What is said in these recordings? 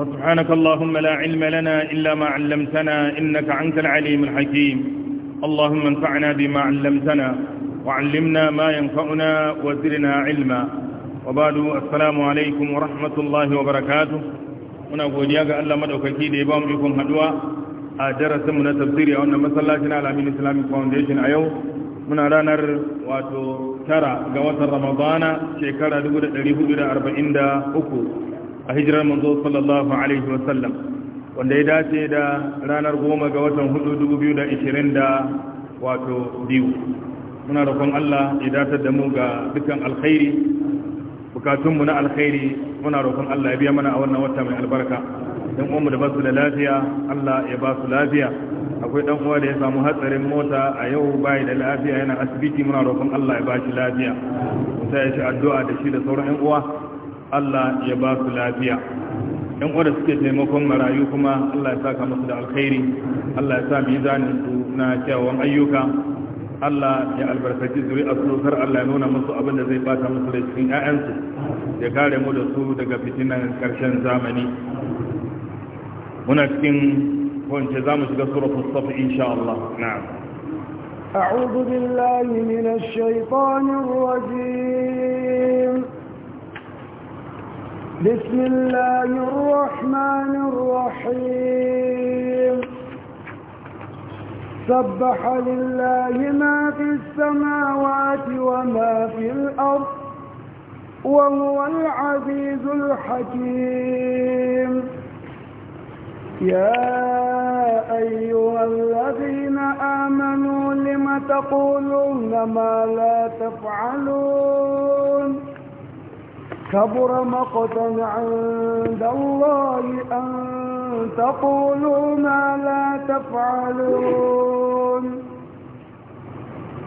فسبحانك اللهم لا علم لنا إلا ما علمتنا إنك أنت العليم الحكيم اللهم انفعنا بما علمتنا وعلمنا ما ينفعنا وزرنا علما وبعد السلام عليكم ورحمة الله وبركاته muna godiya ga Allah madaukaki da ya ba mu ikon haduwa a darasin mu na tafsiri a wannan masallacin Al-Amin Islamic Foundation a yau muna ranar wato tara ga watan Ramadana shekara 1443 a hijirar manzo sallallahu alaihi wasallam wanda ya dace da ranar goma ga watan hudu dubu biyu da ishirin da wato biyu muna roƙon Allah ya datar da mu ga dukkan alkhairi bukatunmu na alkhairi muna roƙon Allah ya biya mana a wannan wata mai albarka dan uwanmu da basu da lafiya Allah ya ba su lafiya akwai dan uwa da ya samu hatsarin mota a yau bai da lafiya yana asibiti muna roƙon Allah ya ba shi lafiya sai ya ci addu'a da shi da sauran ƴan uwa Allah ya ba su lafiya yan kwada suke taimakon marayu kuma Allah ya saka musu da alkhairi Allah ya sa mizanin na kyawun ayyuka Allah ya albarkaci a kar Allah ya nuna musu abin da zai bata musu da cikin ƴaƴansu ya kare mu da su daga fitinan karshen zamani muna cikin wance zamu shiga suratul safi insha Allah na a'udhu billahi minash بسم الله الرحمن الرحيم سبح لله ما في السماوات وما في الأرض وهو العزيز الحكيم يا أيها الذين آمنوا لم تقولون ما لا تفعلون كبر مقتا عند الله أن تقولوا ما لا تفعلون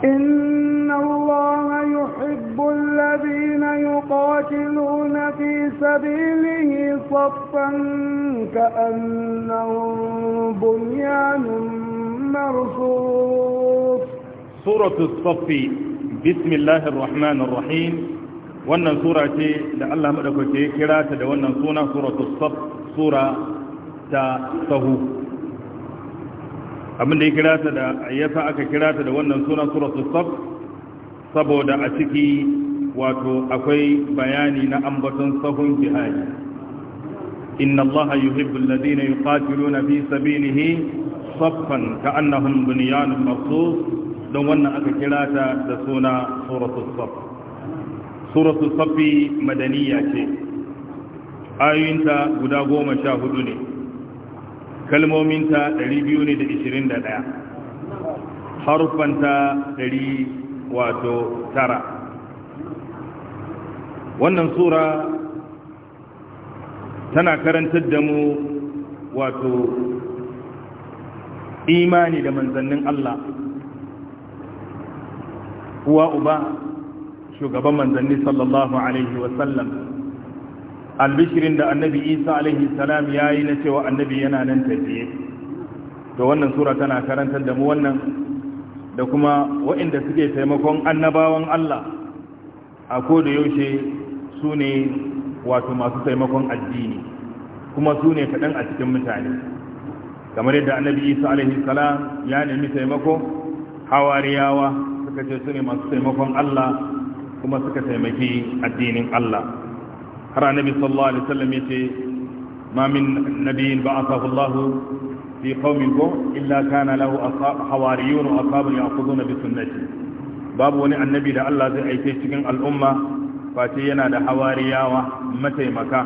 إن الله يحب الذين يقاتلون في سبيله صفا كأنهم بنيان مرصوص سورة الصف بسم الله الرحمن الرحيم wannan sura ce da Allah madaukake ya kira ta da wannan suna suratul saf sura ta sahu abinda ya kira ta da yasa aka kira ta da wannan suna suratul saf saboda a ciki wato akwai bayani na ambaton sahun jihadi inna allaha yuhibbul ladina yuqatiluna fi sabilihi saffan ka'annahum bunyanun marsus don wannan aka kira ta da suna suratul saf suratul safi madaniya ce ayoyinta guda goma sha hudu ne kalmominta ɗari biyu ne da ishirin da ɗaya harufanta ɗari wato tara wannan sura tana karantar da mu wato imani da manzannin Allah uwa uba shugaban manzanni sallallahu alaihi wasallam albishirin da annabi isa alaihi salam ya yi na cewa annabi yana nan tafiye to wannan sura tana karantar da mu wannan da kuma waɗanda suke taimakon annabawan Allah a koda yaushe su ne wato masu taimakon addini kuma su ne kaɗan a cikin mutane kamar yadda annabi isa alaihi salam ya nemi taimako hawariyawa suka ce su ne masu taimakon Allah kuma suka taimaki addinin Allah har annabi sallallahu alaihi wasallam yace ma min nabiyyin ba'athahu Allah fi qaumin ko illa kana lahu hawariyun wa ashabun ya'khuduna bi sunnati babu wani annabi da Allah zai aike cikin al'umma face yana da hawariyawa mataimaka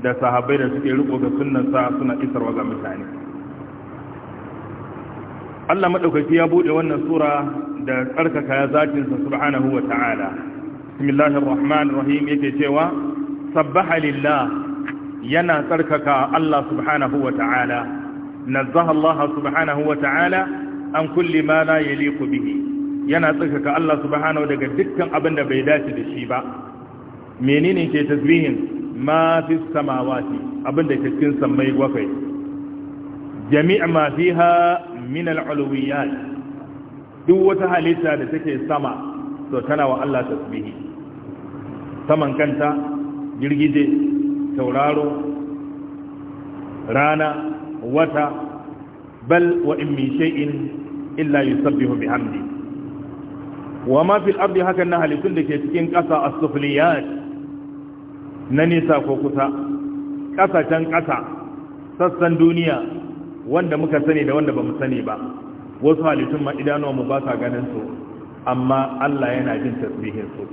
da sahabbai da suke riko ga sunnansa suna isarwa ga mutane Allah madaukaki ya bude wannan sura da tsarkaka zatinsa subhanahu wa ta'ala bismillahir rahmanir rahim yake cewa sabbaha lillah yana tsarkaka Allah subhanahu wa ta'ala nazzaha Allah subhanahu wa ta'ala an kulli ma la yaliqu bihi yana tsarkaka Allah subhanahu daga dukkan abin da bai dace da shi ba menene ke tasbihin ma fi samawati abin da ke cikin jami'a ma fiha min al-uluwiyat duk wata halitta da take sama to tana wa Allah tasbihi saman kanta girgije tauraro rana wata bal wa in min shay'in illa yusabbihu bihamdi wa ma fil ardi haka na halittun da ke cikin ƙasa as-sufliyat na nisa ko kusa ƙasashen ƙasa sassan duniya wanda muka sani da wanda bamu sani ba wasu halittun ma idanuwa mu ba sa ganin su amma Allah yana jin tasbihin su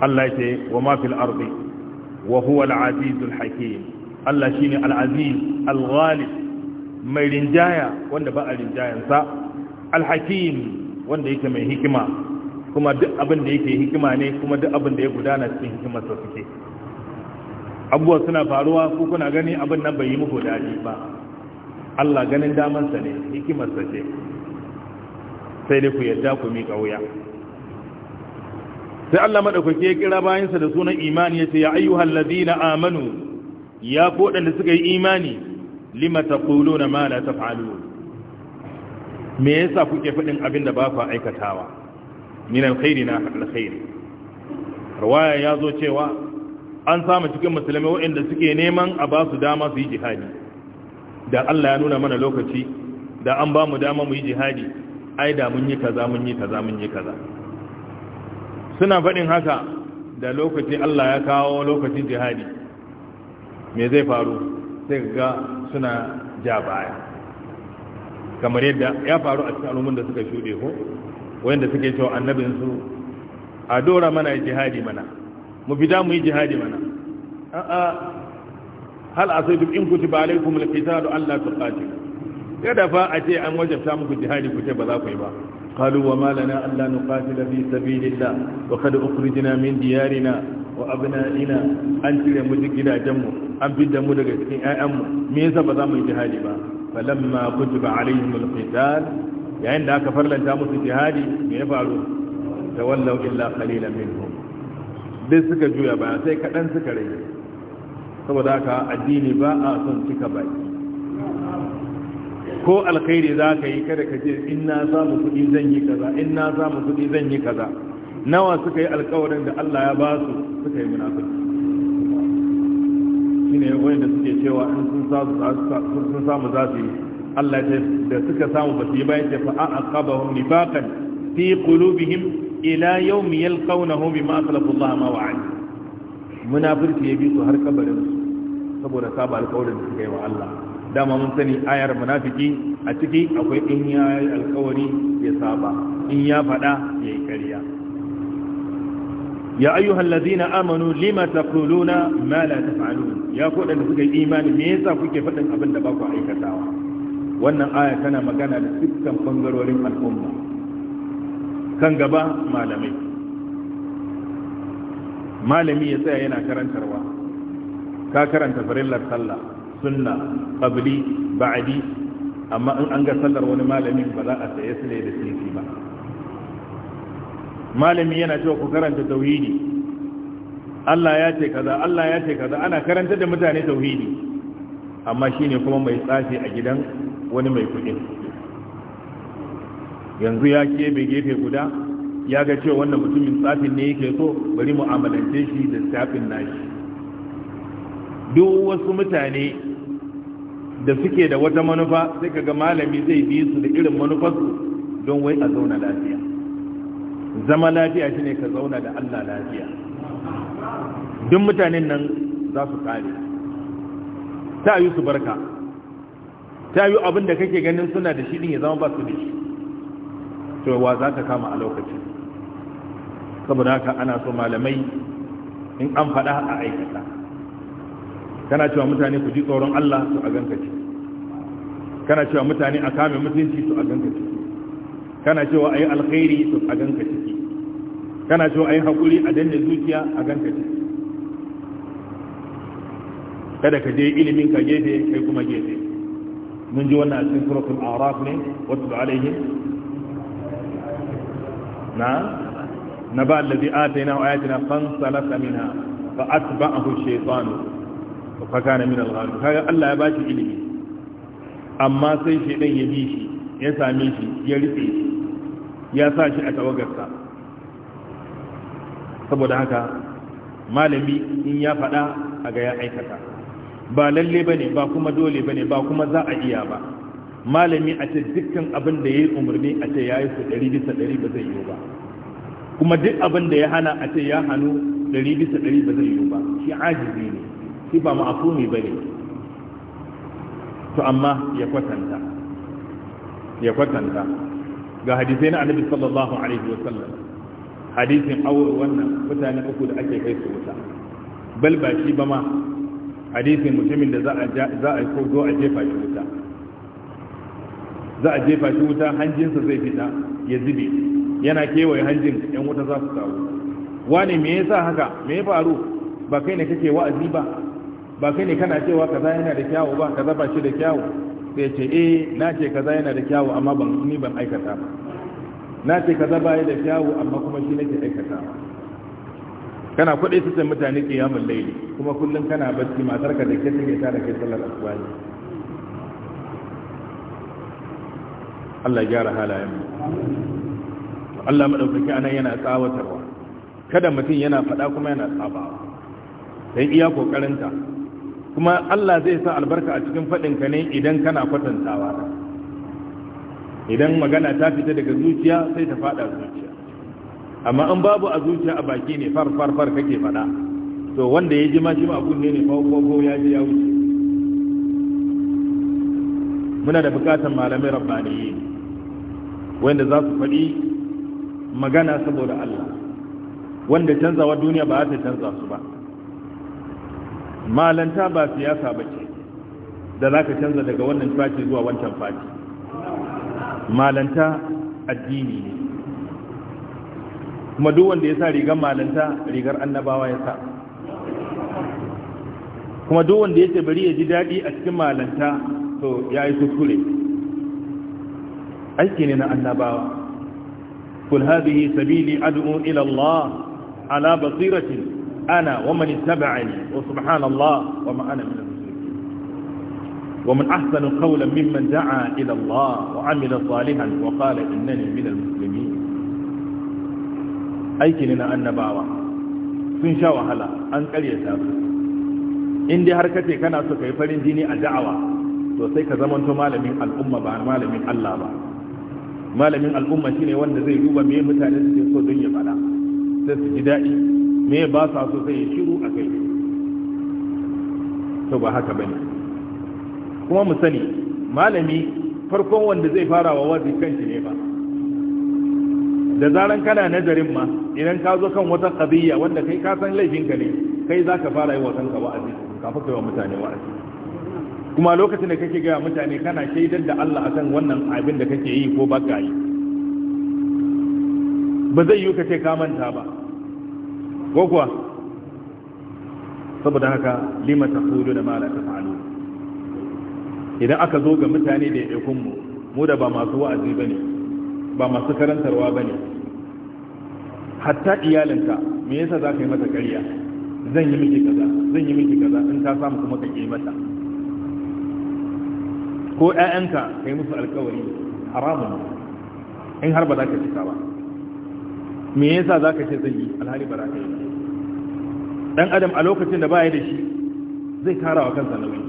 Allah ce wa ma fil wa huwa al-aziz Allah shine al-aziz al mai rinjaya wanda ba a rinjayansa al-hakim wanda yake mai hikima kuma duk abin da yake hikima ne kuma duk abin da ya gudana cikin hikimarsa suke abubuwa suna faruwa ko kuna gani abin nan bai yi muku daɗi ba Allah ganin damansa ne hikimarsa ce sai dai ku yarda ku miƙa wuya sai Allah madaukake ya kira bayan sa da sunan imani yace ya ayyuhal ladina amanu ya ku da suka yi imani lima taquluna ma la taf'alun me yasa kuke fadin abin da ba ku aikatawa min alkhairi na alkhairi riwaya ya zo cewa an samu cikin musulmai waɗanda suke neman a ba su dama su yi jihadi da Allah ya nuna mana lokaci da an ba mu dama mu yi jihadi ai da mun yi kaza mun yi kaza mun yi kaza suna faɗin haka da lokaci Allah ya kawo lokacin jihadi me zai faru sai ga suna ja baya kamar yadda ya faru a cikin al'umman da suka shuɗe ko wanda suke cewa annabinsu a dora mana jihadi mana mu fita mu yi jihadi mana a'a hal a sai duk in kuti ba alaikum alqitalu alla tuqatilu kada fa a ce an wajabta muku jihadi ku ce ba za ku yi ba قالوا وما لنا الا نقاتل في سبيل الله وقد اخرجنا من ديارنا وابنائنا انت يا مجد جمع an fi damu daga cikin ‘ya’yanmu me yasa ba za mu yi jihadi ba falamma kuji ba alaihim al yayin da aka farlanta musu jihadi me ya faru da wallau illa qalilan minhum duk suka juya ba sai kadan suka rai saboda haka addini ba a son cika baki ko alkhairi za ka yi kada ka ce in na samu kuɗi zan yi kaza in na samu kuɗi zan yi kaza nawa suka yi alkawarin da Allah ya ba su suka yi munafiki shine wayan da suke cewa in sun samu sun samu za su yi Allah ya da suka samu ba su yi bayan ce fa a aqabahum nifaqan fi qulubihim ila yawm yalqawnahu bima akhlafu Allah ma wa'ada munafiki ya bi su har kabarin su saboda saba alkawarin da suka yi wa Allah dama mun sani ayar munafiki a ciki akwai in ya yi alkawari ya saba in ya faɗa ya yi ƙarya ya ayyuhal ladzina amanu lima taquluna ma la taf'alun ya ku suka yi imani me yasa kuke faɗin abin da ba ku aikatawa wannan aya tana magana da dukkan bangarorin al'umma kan gaba malamai malami ya tsaya yana karantarwa ka karanta farillar sallah sunna qabli ba'di amma in an ga sallar wani malami ba za a saye su ne da sirri ba malami yana cewa ku karanta tauhidi Allah ya ce kaza Allah ya ce kaza ana karanta da mutane tauhidi amma shine kuma mai tsafi a gidan wani mai kuɗi yanzu ya kebe gefe guda ya ga cewa wannan mutumin tsafin ne yake so bari mu'amalance shi da tsafin nashi duk wasu mutane da suke da wata manufa sai kaga malami zai bi su da irin manufarsu don wai a zauna lafiya zama lafiya shine ka zauna da Allah lafiya duk mutanen nan za su kare ta yi su barka ta yi abin da kake ganin suna da shi din ya zama ba su da shi to wa za ka kama a lokacin saboda haka ana so malamai in an faɗa a aikata kana cewa mutane ku ji tsoron Allah to a ganka ce kana cewa mutane a kame mutunci to a ganka ce kana cewa a yi alkhairi to a ganka ce kana cewa a yi hakuri a danne zuciya a ganka kada ka je ilimin ka gefe kai kuma gefe mun ji wannan a cikin suratul a'raf ne wasu alaihi na na ba allazi atayna ayatina fansalaka minha fa atba'ahu shaytanu fakana min al-ghalib kaga Allah ya bashi ilimi amma sai shedan ya bi shi ya same shi ya rufe shi ya sa shi a tawagarsa saboda haka malami in ya faɗa a ga ya aikata ba lalle bane ba kuma dole bane ba kuma za a iya ba malami a ce dukkan abin da ya yi umarni a ce ya yi su ɗari bisa ɗari ba zai yi ba kuma duk abin da ya hana a ce ya hannu ɗari bisa ɗari ba zai yi ba shi ajizi ne shi ba ma'afumi ba ne to amma ya kwatanta ya kwatanta ga hadisai na annabi sallallahu alaihi wa sallam hadisin awar wannan mutane uku da ake kai su wuta bal ba shi ba ma hadisin mutumin da za a ko zo a jefa shi wuta za a jefa shi wuta hanjinsa zai fita ya zube yana kewaye hanjin yan wuta za su tawo Wani me yasa haka me ya faru ba kai ne kake wa'azi ba ba kai ne kana cewa kaza yana da kyawu ba kaza ba shi da kyawu sai ce eh na ce kaza yana da kyawu amma ban ni ban aikata ba na ce kaza ba da kyawu amma kuma shi nake aikata ba kana kuɗi su san mutane kiyamul laili kuma kullum kana bacci matar ka da ke take ta da kai sallar asuba Allah ya gyara halayen mu Allah madaukaki anan yana tsawatarwa kada mutum yana faɗa kuma yana tsabawa sai iya ta kuma Allah zai sa albarka a cikin faɗinka ne idan kana kwatantawa idan magana ta fita daga zuciya sai ta faɗa zuciya amma an babu a zuciya a baki ne far far far kake faɗa to wanda ya ji ma shi ma kunne ne ko ya ji ya wuce muna da bukatan malamai rabbaniyi wanda za su faɗi magana saboda Allah wanda canzawa duniya ba za ta canza su ba malanta ba siyasa ba ce da za ka canza daga wannan fati zuwa wancan fati malanta addini ne kuma duk wanda ya sa rigar malanta rigar annabawa ya sa kuma duk wanda ya ce bari ya ji daɗi a cikin malanta to ya yi kuskure aiki ne na annabawa kul hadhihi sabili ad'u ila Allah ala basiratin أنا ومن اتبعني وسبحان الله وما أنا من المشركين ومن أحسن قولا ممن دعا إلى الله وعمل صالحا وقال إنني من المسلمين aiki ne na annabawa sun sha wahala an karyata su inda har kace kana so kai farin jini a da'awa to sai ka zama to malamin al'umma ba malamin Allah ba malamin al'umma shine wanda zai duba me mutane suke so don ya fada sai su ji daɗi me ba sa so sai ya shiru a kai to ba haka bane kuma mu sani malami farkon wanda zai fara wa wazi kanshi ne ba da zaran kana nazarin ma idan ka zo kan wata qadiyya wanda kai ka san laifinka ne kai zaka fara yi wa kanka wa'azi kafin kai wa mutane wa'azi kuma lokacin da kake gaya mutane kana shaidar da Allah akan wannan abin da kake yi ko baka yi ba zai yi ka ce ka manta ba ko saboda haka lima ta kudu da mara ta fa'alu idan aka zo ga mutane da ya mu mu da ba masu wa'azi ba ne ba masu karantarwa ba ne hatta iyalinka me yasa za ka yi mata karya zan yi miki kaza zan yi miki kaza in ta samu kuma ka yi mata ko 'ya'yanka ka yi musu alkawari haramun in har ba za ka cika ba me yasa za ka ce zai yi alhali ba za ka yi dan adam a lokacin da baya da shi zai tara wa kansa nauyi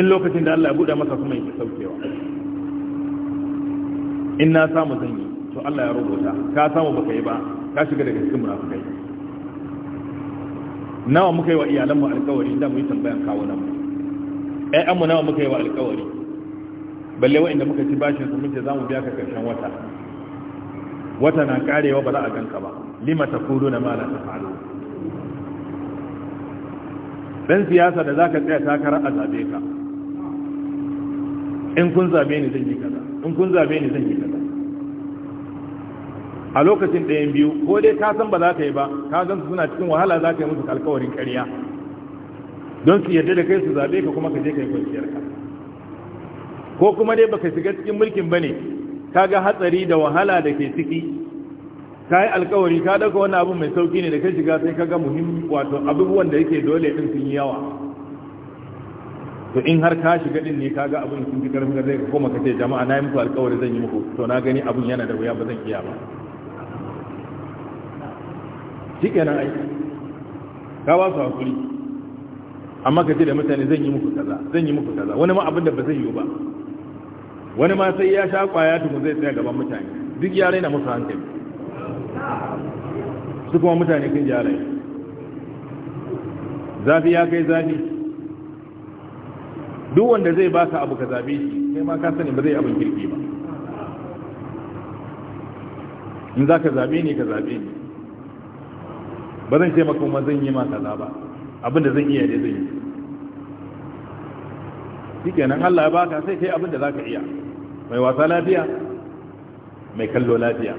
in lokacin da Allah ya buɗe masa kuma yake saukewa in na samu zan yi to Allah ya rubuta ka samu baka yi ba ka shiga daga cikin munafikai nawa muka yi wa iyalanmu alkawari da mu yi tambayan kawo nan ƴaƴanmu nawa muka yi wa alkawari balle wa'inda muka ci bashin su mun ce za mu biya ka karshen wata wata na karewa ba za a ganka ba lima ta kudu na mala ta faru ɗan siyasa da za ka tsaya takara a zabe ka in kun zabe ni zan yi kaza in kun zabe ni zan yi kaza a lokacin ɗayan biyu ko dai ka san ba za ka yi ba ka zan su suna cikin wahala za ka yi musu alkawarin ƙarya don su yarda da kai su zabe ka kuma ka je ka yi kwanciyar ka ko kuma dai baka shiga cikin mulkin bane kaga hatsari da wahala da ke ciki yi alkawari ka dauka wani abu mai sauki ne da kai shiga sai kaga muhimmi wato abubuwan da yake dole din sun yi yawa to in har ka shiga din ne kaga abun sun fi karfin da zai koma kace jama'a na yi muku alkawari zan yi muku to na gani abun yana da wuya ba zan iya ba shikenan ai ka ba su hakuri amma ka ce da mutane zan yi muku kaza zan yi muku kaza wani ma abin da ba zai yi ba wani ma sai ya sha kwaya tukun zai tsaye gaban mutane duk ya raina musu hankali su kuma mutane kun yare zafi ya kai zafi duk wanda zai ba ka abu ka zabe shi sai ma ka sani ba zai abin kirki ba in za ka zabe ne ka zabe ne ba zan ce maka kuma zan yi ma kaza ba abinda zan iya ne zai yi shi kenan Allah ya baka sai kai abinda za ka iya mai wasa lafiya mai kallo lafiya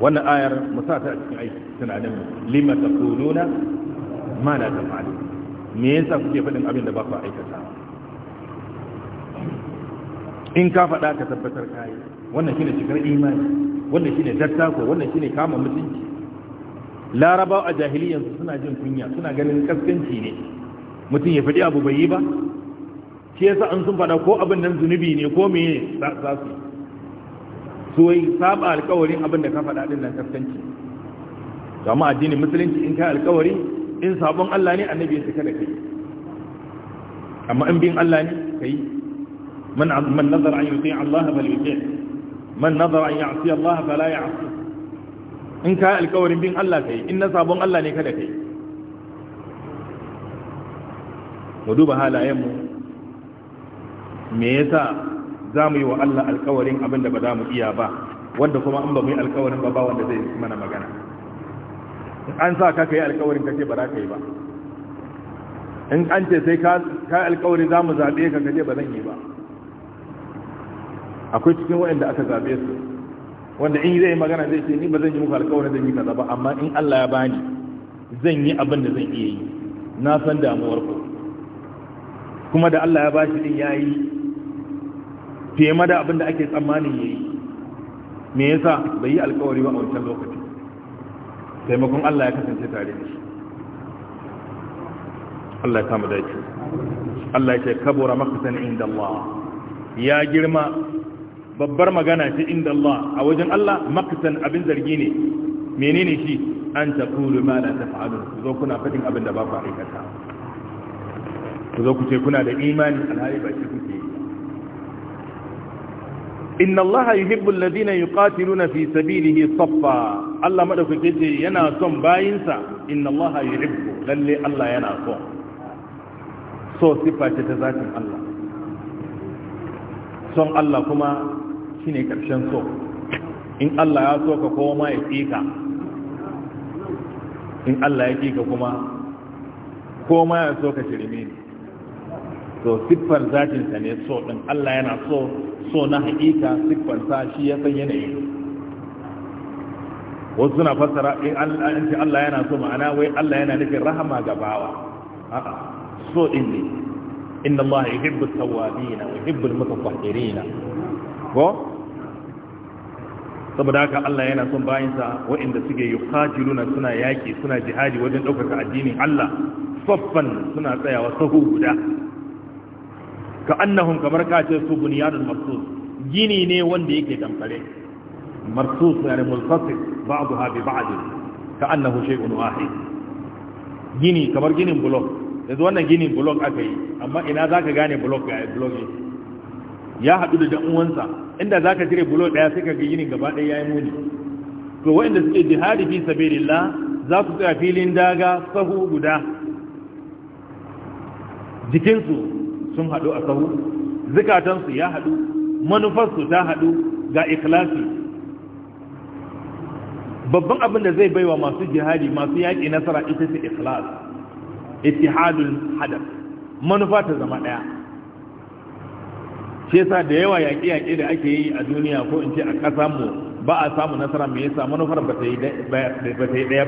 wannan ayar musa ta a cikin aiki tunanin lima ta kununa ma na ta fa'ali me yasa kuke faɗin abin da ba ku aikata in ka faɗa ka tabbatar kayi wannan shine cikar imani wannan shine dattako wannan shine kama mutunci larabawa a jahiliyyar suna jin kunya suna ganin kaskanci ne mutum ya faɗi abu bai yi ba shi yasa an sun faɗa ko abin nan zunubi ne ko me za su so yi saba alkawarin abin da ka faɗa din nan kaskanci amma addinin musulunci in kai alkawari in sabon Allah ne annabi ya saka da kai amma in bin Allah ne kai man man nazara an yuti Allah fal yuti man nazara an ya'si Allah fala ya'si in kai alkawarin bin Allah kai in na sabon Allah ne kada kai mu duba halayen mu me yasa za mu yi wa Allah alkawarin abin da ba za mu iya ba wanda kuma an ba mu yi alkawarin ba ba wanda zai mana magana an sa ka kai alkawarin kace ba za ka yi ba in an ce sai ka alkawari za mu zaɓe ka kace ba zan yi ba akwai cikin waɗanda aka zaɓe su wanda in zai yi magana zai ce ni ba zan yi muku alkawarin da ni kaza ba amma in Allah ya bani zan yi abin da zan iya yi na san damuwar ku kuma da Allah ya bashi din yayi fiye ma da abin da ake tsammanin ya yi me yasa bai yi alkawari ba a wancan lokaci taimakon Allah ya kasance tare da shi Allah ya kama dace Allah ya ce kabura makasan inda Allah ya girma babbar magana ce inda Allah a wajen Allah makasan abin zargi ne menene shi an taqulu ma la taf'alun zo kuna fadin abin da ba ku aikata ku zo ku ce kuna da imani alhali ba shi kuke inna allaha yuhibbu alladhina yuqatiluna fi sabilihi saffa Allah madaukake ce yana son bayinsa inna allaha yuhibbu lalle Allah yana so so sifa ce ta zatin Allah son Allah kuma shine karshen so in Allah ya so ka koma ya tsika in Allah ya tsika kuma koma ya so ka shirme ne to siffar zatinsa ne so ɗin Allah yana so so na haƙiƙa siffarsa shi ya san yanayi wasu suna fassara in eh, an ce Allah yana so ma'ana wai Allah yana nufin rahama ga bawa a'a so ɗin ne inna Allah yuhibbu tawabina, wa yuhibbu mutatahhirina ko saboda haka Allah yana son bayinsa waɗanda suke yuqatiluna suna yaki suna jihadi wajen ɗaukaka addinin Allah saffan suna tsayawa sahu guda ka annahum kamar ka ce su bunyanul marsus gini ne wanda yake tamkare marsus yani mulfasil ba'daha bi ba'd ka annahu shay'un wahid gini kamar ginin block yanzu wannan ginin block aka yi amma ina zaka gane block ga block ya hadu da dan uwansa inda zaka jire block daya sai ka ga ginin gaba daya yayi muni to wanda suke jihadi fi sabilillah za su tsaya filin daga sahu guda jikinsu sun haɗu a sahu zikatansu ya haɗu manufarsu ta haɗu ga ikhlasi babban abin da zai baiwa masu jihadi masu yaƙi nasara ita ce ikhlas ittihadul hadaf manufa ta zama ɗaya shi yasa da yawa yaƙe-yaƙe da ake yi a duniya ko in ce a ƙasa mu ba a samu nasara me yasa manufar ba ta yi ɗaya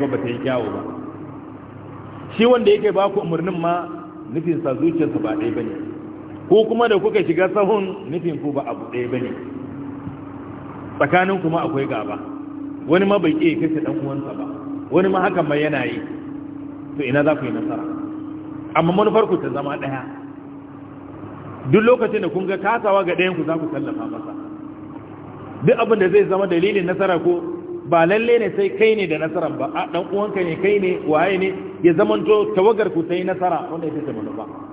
ba ba ta yi kyawu ba shi wanda yake ba ku umarnin ma nufinsa zuciyarsa ba ɗaya ba ne ko kuma da kuka shiga sahun nufin ku ba abu ɗaya bane tsakanin kuma akwai gaba wani ma bai ƙe kashe ɗan uwansa ba wani ma hakan ma yana yi to ina za ku yi nasara amma manufar ku ta zama ɗaya duk lokacin da kun ga kasawa ga ɗayan ku za ku tallafa masa duk abin da zai zama dalilin nasara ko ba lalle ne sai kai ne da nasara ba a ɗan uwanka ne kai ne waye ne ya zamanto tawagar ku sai nasara wanda ya fi ta manufa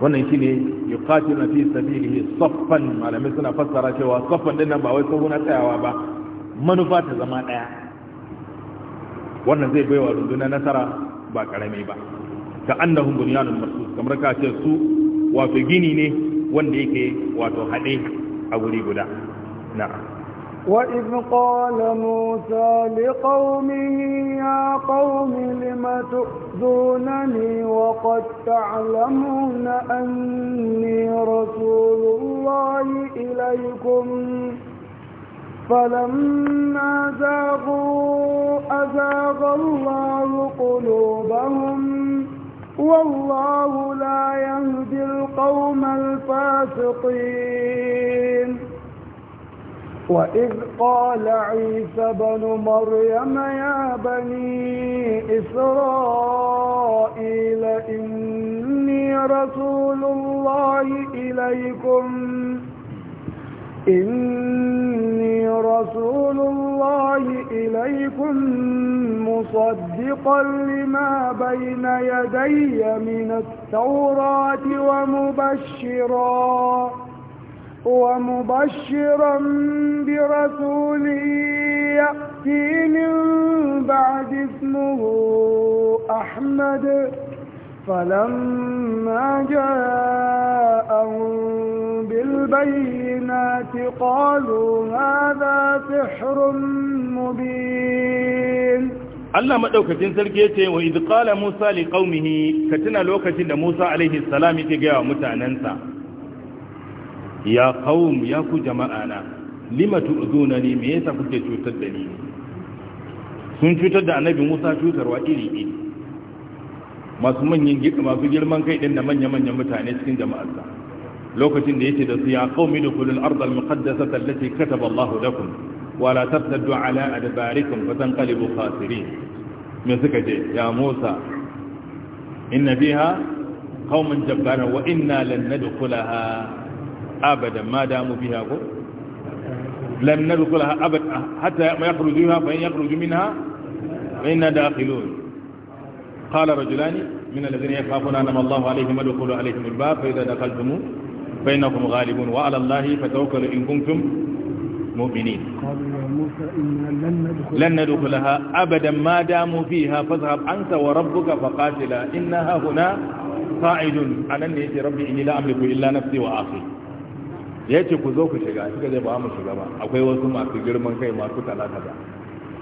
wannan shi ne ya shine na fi sabilihi saffan malamai suna fassara cewa saffan din nan ba wai sahu na tsayawa ba manufa ta zama ɗaya. wannan zai bai baiwa runduna nasara ba ƙarami ba ta da hungun bunyanun masu kamar ka ce su wato gini ne wanda yake wato haɗe a wuri guda na'am وإذ قال موسى لقومه يا قوم لم تؤذونني وقد تعلمون أني رسول الله إليكم فلما زاغوا أزاغ الله قلوبهم والله لا يهدي القوم الفاسقين وإذ قال عيسى بن مريم يا بني إسرائيل إني رسول الله إليكم إني رسول الله إليكم مصدقا لما بين يدي من التوراة ومبشراً ومبشرا برسول يأتي من بعد اسمه أحمد فلما جاءهم بالبينات قالوا هذا سحر مبين الله مدوكة تنزلقيته وإذ قال موسى لقومه كتنا لوكة موسى عليه السلام تقيا متعننسا ya kawun ya ku jama'a na lima na ni me yasa kuke cutar da ni sun cutar da annabi Musa cutarwa iri iri masu manyan masu girman kai din da manya manyan mutane cikin jama'arsa lokacin da yake da su ya qaumi dukhulul ardh al muqaddasata allati kataba Allah lakum wa la da ala adbarikum fatanqalibu khasirin me suka je ya Musa inna fiha qauman jabbara wa inna lan nadkhulaha ابدا ما داموا فيها ko ندخلها ابدا حتى ما ma yakhruju فان fa منها فانا داخلون قال رجلان من الذين يخافون أنما الله عليهم ادخلوا عليهم الباب فإذا دخلتم فإنكم غالبون وعلى الله فتوكلوا إن كنتم مؤمنين قالوا يا موسى إنا لن ندخلها, لن ندخلها أبدا ما داموا فيها فاذهب أنت وربك فقاتلا إنها هنا قاعد أنني ربي إني لا أملك إلا نفسي وآخي ya ce ku zo ku shiga suka zai ba mu shiga ba akwai wasu masu girman kai masu talata ba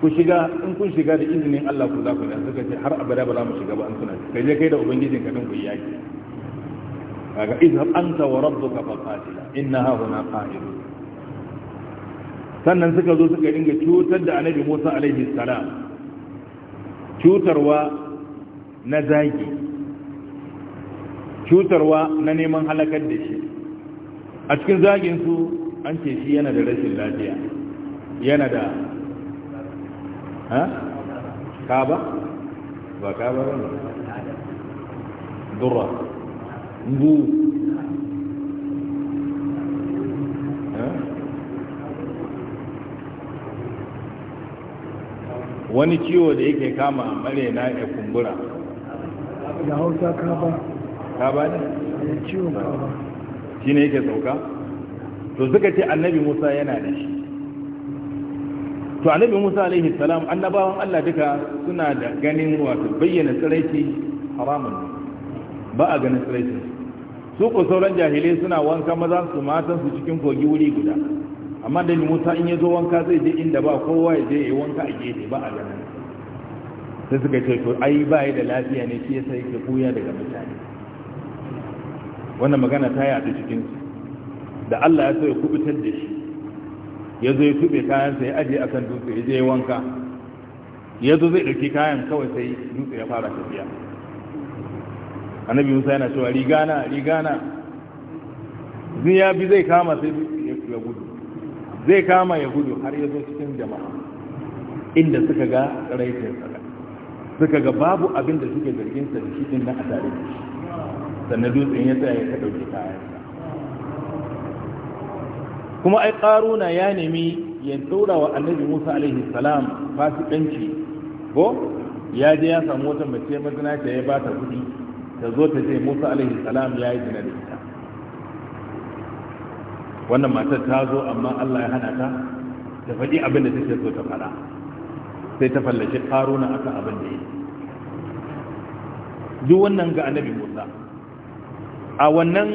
ku shiga in kun shiga da izinin Allah ku za ku da suka ce har abada ba za mu shiga ba an suna ka je kai da ubangijin ka din ku yi yaki kaga idhab anta wa rabbuka fa qatila innaha huna qa'id sannan suka zo suka dinga cutar da annabi Musa alaihi salam cutarwa na zagi cutarwa na neman halakar da shi a cikin zaginsu an ce shi yana da rashin lafiya yana da ha? kaba? ba kaba ba ne dura ngu wani ciwo da yake kama na ya kumbura da hausa kaba kaba ne eh, ciwo kaba ne yake sauka to suka ce annabi Musa yana da shi to annabi Musa alaihi salam annabawan Allah duka suna da ganin wato bayyana tsiraici haramun ba a ganin tsiraiki su ko sauran jahilai suna wanka maza su matan su cikin kogi wuri guda amma da ni Musa in ya zo wanka zai je inda ba kowa ya je ya wanka a gefe ba a ganin sai suka ce to ai ba da lafiya ne shi yasa yake buya daga mutane wannan magana ta yaɗu cikin da Allah ya so ya kubutar da shi ya zo ya tube kayansa ya aje kan dutse ya je wanka ya zo zai ɗauki kayan kawai sai dutse ya fara tafiya annabi musa yana cewa rigana rigana zai ya bi zai kama sai ya gudu zai kama ya gudu har ya zo cikin jama'a inda suka ga raitin suka ga babu abin da suke zargin sa da shi din nan a tare da shi sannan dutsen ya tsaye ya ɗauki kayan kuma ai ƙaruna ya nemi ya ɗora wa annabi musa alaihi salam fasikanci ko ya je ya samu wata mace mazina ta ya ba ta kuɗi ta zo ta ce musa alaihi salam ya yi zina da ita wannan matar ta zo amma allah ya hana ta ta faɗi abin da take so ta faɗa sai ta fallace ƙaruna akan abin da ya duk wannan ga annabi musa a wannan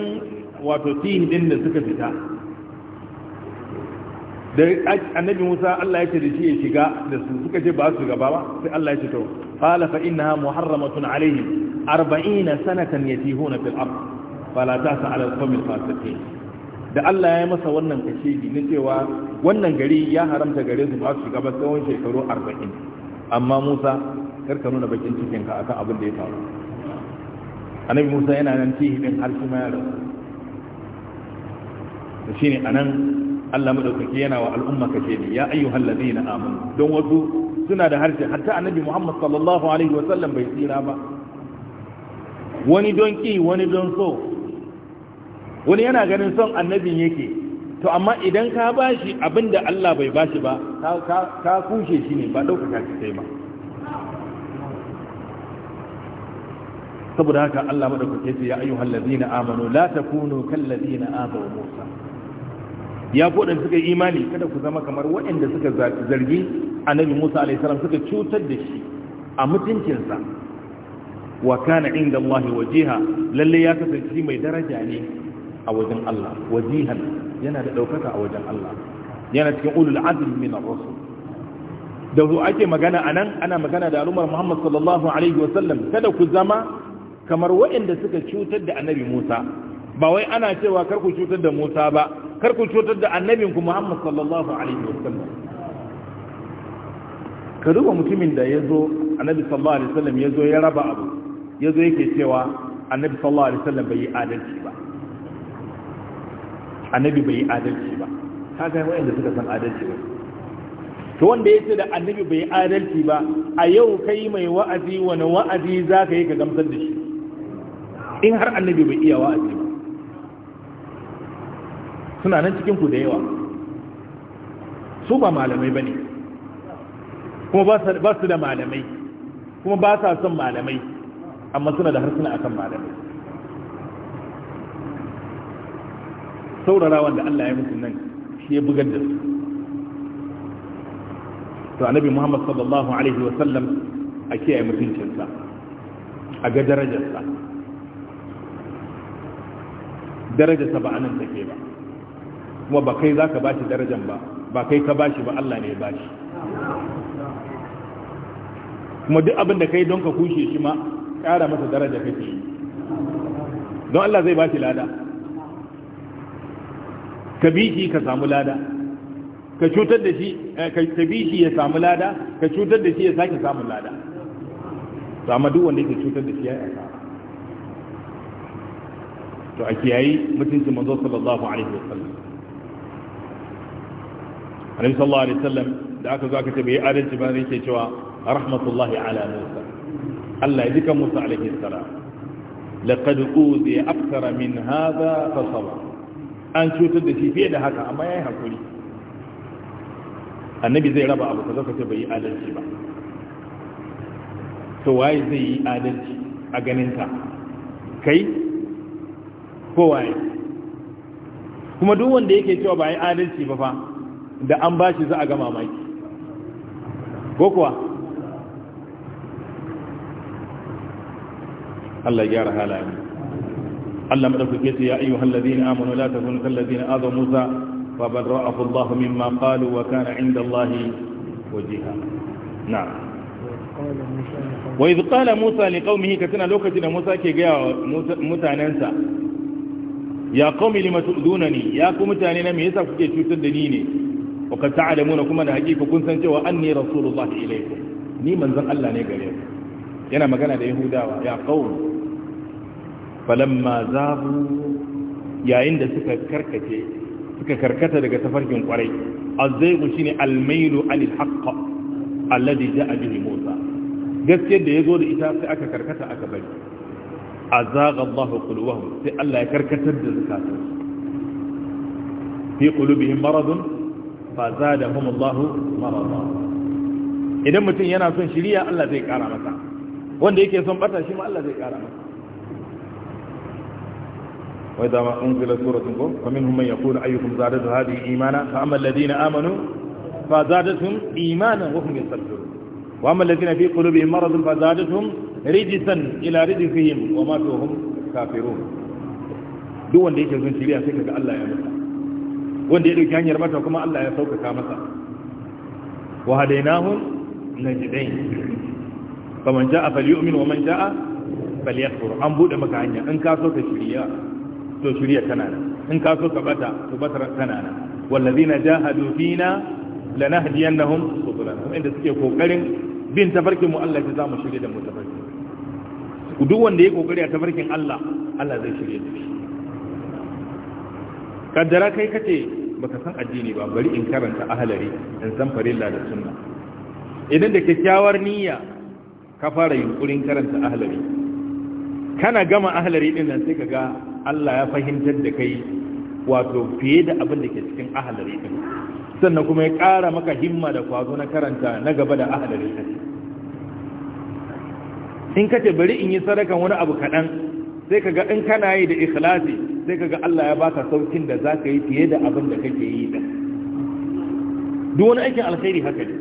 wato din da suka fita da annabi Musa Allah ya ce da shi ya shiga da su suka ce ba su gaba ba sai Allah ya ce to fala fa innaha muharramatun alaihim 40 sanatan yatihuna fil ard fala ta'sa ala al-qawm fasiqin da Allah ya masa wannan kashe na cewa wannan gari ya haramta gare su ba su shiga ba tsawon shekaru 40 amma Musa karka nuna bakin cikin ka akan abin da ya faru annabi musa yana nan tihi din har kuma ya rasu da shi ne a nan allah maɗaukaki yana wa al'umma kashe ne ya ayyu hallazi na amin don wasu suna da harshe hatta annabi muhammad sallallahu alaihi wasallam bai tsira ba wani don ki wani don so wani yana ganin son annabin yake to amma idan ka bashi abinda allah bai bashi ba ka kushe shi ne ba ɗaukaka shi sai ba saboda haka Allah madaukake ce ya ayyuhal ladina amanu la takunu kal ladina abaw musa ya ku dan suka imani kada ku zama kamar waɗanda suka zargi annabi Musa alaihi salam suka cutar da shi a mutuncinsa wa kana inda Allah wajiha lalle ya kasance mai daraja ne a wajen Allah wajihan yana da daukaka a wajen Allah yana cikin ulul azmi min ar-rusul da zo ake magana anan ana magana da al'ummar Muhammad sallallahu alaihi wasallam kada ku zama kamar waɗanda suka cutar da annabi Musa ba wai ana cewa kar ku cutar da Musa ba kar ku cutar da annabinku Muhammad sallallahu alaihi wasallam ka duba mutumin da ya zo annabi sallallahu alaihi wasallam ya zo ya raba abu ya zo yake cewa annabi sallallahu alaihi wasallam bai yi adalci ba annabi bai yi adalci ba ka ga wanda suka san adalci ba to wanda yace da annabi bai yi adalci ba a yau kai mai wa'azi wani wa'azi zaka yi ka gamsar da shi in har annabi bai iya wa'azi ba suna nan cikin ku da yawa su ba malamai bane kuma ba su da malamai kuma ba sa son malamai amma suna da harsuna akan malamai saurara wanda Allah ya mutu nan shi ya bugar da su to annabi Muhammad sallallahu alaihi wa sallam a kiyaye mutuncinsa a ga darajarsa daraja ta ba anan take ba kuma ba kai zaka bashi darajan ba ba kai ka bashi ba Allah ne ya bashi kuma duk abin da kai don ka kushe shi ma ƙara masa daraja kake yi don Allah zai bashi lada ka bi shi ka samu lada ka cutar da shi eh, ka bi shi ya samu lada ka cutar da shi ya sake samun lada to duk wanda yake cutar da shi ya yi to a kiyayi mutuncin manzo sallallahu alaihi wasallam annabi sallallahu alaihi sallam da aka zo aka ce bai adalci ba ne yake cewa rahmatullahi ala musa Allah ya dika musa alaihi salam laqad uzi akthar min hadha fa sabr an cutar da shi fiye da haka amma yayi hakuri annabi zai raba abu kaza kace bai adalci ba to waye zai yi adalci a ganin ka kai kowaye kuma duk wanda yake cewa ba ya adalci ba fa da an ba shi za a ga mamaki ko kuwa Allah ya gyara halayen Allah madaukake ce ya ayyuhal ladina amanu la takunu kal ladina azaw Musa fa badra'ahu Allah mimma qalu wa kana 'inda Allah wajiha na'am wa idh qala Musa liqaumihi katana lokacin da Musa ke ga mutanansa ya qaumi lima ni ya ku mutane na me yasa kuke cutar da ni ne wa kad ta'lamuna kuma da hakika kun san cewa anni rasulullahi ilaykum ni manzon Allah ne gare ku yana magana da yahudawa ya qaum falamma zabu yayin da suka karkace suka karkata daga tafarkin kwarai azzaiqu shine almailu anil haqq alladhi ja'a bihi musa gaskiyar da yazo da ita sai aka karkata aka bari azaga Allah qulubuhum sai Allah ya karkatar da zakatun fi qulubihim maradun fa zadahum Allah marada idan mutum yana son shiriya Allah zai kara masa wanda yake son bata shi ma Allah zai kara masa وإذا ما أنزل سورة فمنهم من يقول أيكم زادت هذه إيمانا فأما الذين آمنوا فزادتهم إيمانا وهم يستغفرون وأما الذين في قلوبهم مرض فزادتهم rijisan ila rijisihim wa ma tuhum kafirun duk wanda yake zun shiriya sai kaga Allah ya masa wanda ya dauki hanyar mata kuma Allah ya saukaka masa wa hadainahum najdain faman jaa falyu'min wa man jaa falyakfur an bude maka hanya in ka so ka shiriya to shiriya tana nan in ka so ka bata to bata tana nan wallazina jahadu fina lanahdiyannahum subulana inda suke kokarin bin tafarkin mu Allah ya za mu shirye da mu tafarkin duk wanda ya kokari a tafarkin Allah Allah zai shirye da shi kaddara kai kace baka san addini ba bari in karanta ahlari in san farilla da sunna idan da kyakkyawar niyya ka fara yunkurin karanta ahlari kana gama ahlari din nan sai ka ga Allah ya fahimtar da kai wato fiye da abin da ke cikin ahlari din sannan kuma ya ƙara maka himma da kwazo na karanta na gaba da ahalar ita in ka ce bari in yi sadakan wani abu kaɗan sai ka ga in kana yi da ikhlasi sai ka ga Allah ya baka saukin da za ka yi fiye da abin da kake yi da duk wani aikin alkhairi haka ne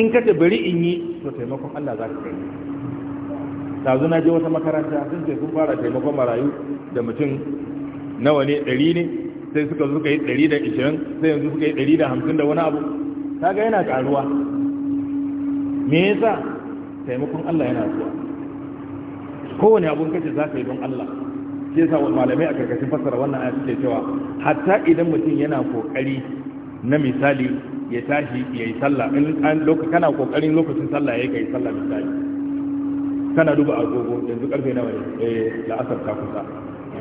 in ka ce bari in yi to taimakon Allah za ka kai tazu na je wata makaranta sun ce sun fara taimakon marayu da mutum nawa ne ɗari ne sai suka zo suka yi 120 sai yanzu suka yi 150 da wani abu kaga yana karuwa me yasa taimakon Allah yana zuwa kowane abun kace za ka yi don Allah shi yasa wa malamai a karkashin fassara wannan aya suke cewa hatta idan mutum yana kokari na misali ya tashi ya yi sallah in an lokaci kana kokarin lokacin sallah ya kai sallah misali kana duba agogo yanzu karfe nawa ne eh la'asar ta kusa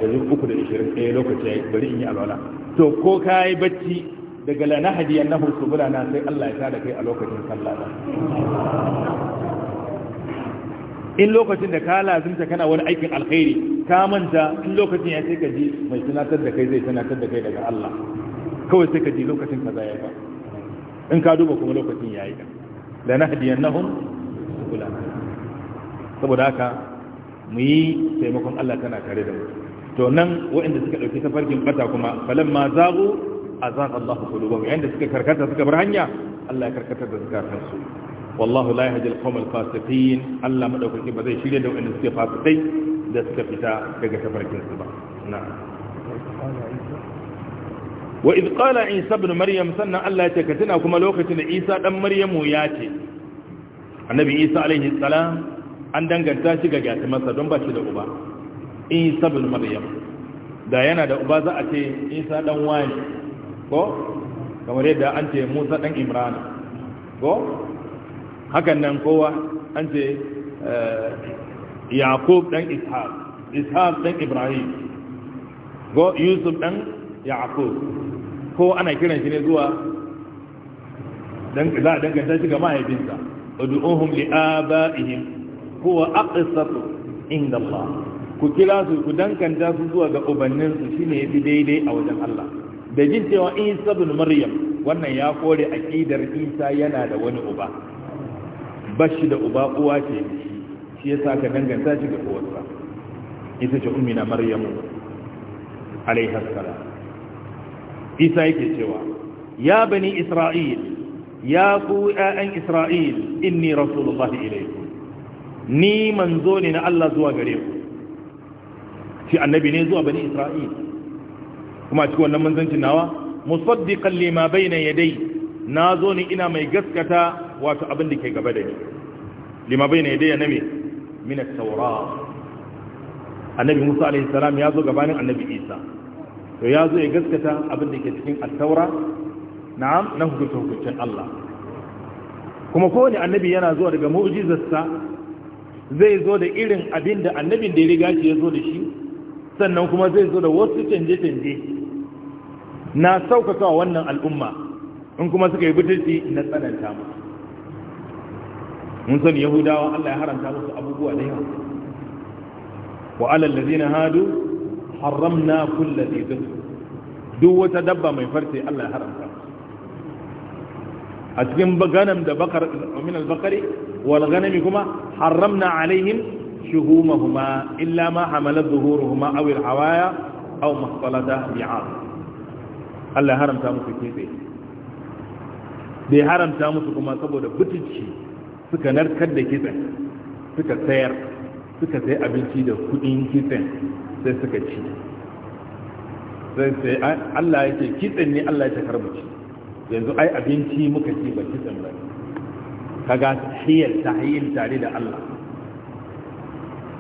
da zuwa uku da ishirin ɗaya lokaci ya yi bari in yi alwala to ko ka yi bacci daga lanahadi yan nahu bula na sai Allah ya sa da kai a lokacin sallah ba in lokacin da ka lazimta kana wani aikin alkhairi ka manta in lokacin ya sai ka ji mai tunatar da kai zai tunatar da kai daga Allah kawai sai ka ji lokacin kaza ya ba in ka duba kuma lokacin ya yi ka lanahadi yan nahu na saboda haka mu yi taimakon Allah tana tare da mu to nan waɗanda suka ɗauki tafarkin bata kuma falan ma zagu a zan Allah kulubahu yadda suka karkata suka bar hanya Allah ya karkatar da zukatan su wallahu la yahdi al-qawm al-fasiqin Allah madaukaki ba zai shirye da waɗanda suke fasikai da suka fita daga tafarkin su ba na'am wa idh qala isa ibn maryam sannan Allah ya ce katina kuma lokacin da isa dan maryamu ya ce annabi isa alaihi salam an danganta shi ga gatimarsa don ba shi da uba isa bin maryam da yana da uba za a ce isa dan wani ko kamar yadda an ce musa dan imran ko hakan nan kowa an ce eh, yaqub dan ishaq ishaq dan ibrahim ko yusuf dan yaqub ko ana kiran shi ne zuwa dan za a danganta shi ga mahaifinsa ud'uhum li abaihim huwa aqsatu inda Allah ku kira su ku dankanta su zuwa ga ubanninsu shine yafi daidai a wajen Allah da jin cewa Isa bin Maryam wannan ya kore aqidar Isa yana da wani uba bashi da uba uwa ce shi yasa ka danganta shi ga uwarsa ita ce ummina Maryam alaihi salam Isa yake cewa ya bani Isra'il ya ku ƴaƴan Isra'il inni rasulullahi ilaykum ni manzo ne na Allah zuwa gare ku shi annabi ne zuwa bani isra'il kuma cikin wannan manzancin nawa musaddiqan lima bayna yadai na zo ni ina mai gaskata wato abin da ke gaba da ni lima bayna yadai annabi min at-taura annabi Musa alaihi salam ya zo gabanin annabi Isa to ya zo ya gaskata abin da ke cikin at-taura na'am na hukunta hukuncin Allah kuma kowane annabi yana zuwa daga mu'jizarsa zai zo da irin abin da annabin da ya riga shi ya zo da shi sannan kuma zai zo da wasu canje-canje na sauƙaƙa wannan al'umma in kuma suka yi butulci na tsananta mu mun sani yahudawa Allah ya haramta musu abubuwa da yawa wa alal ladina hadu haramna kulli dhib duk wata dabba mai farce Allah ya haramta a cikin ganam da bakar min al-bakari wal ganami kuma haramna alaihim شهومهما إلا ما حملت ظهورهما أو الحوايا أو ما بعض Allah ya haramta musu kebe bai haramta musu kuma saboda butulci suka narkar da kitsen suka sayar suka sai abinci da kudin kitsen sai suka ci sai sai Allah ya ce ne Allah yanzu ai abinci muka ci ba kitsen ba kaga hiyar tahiyil tare da Allah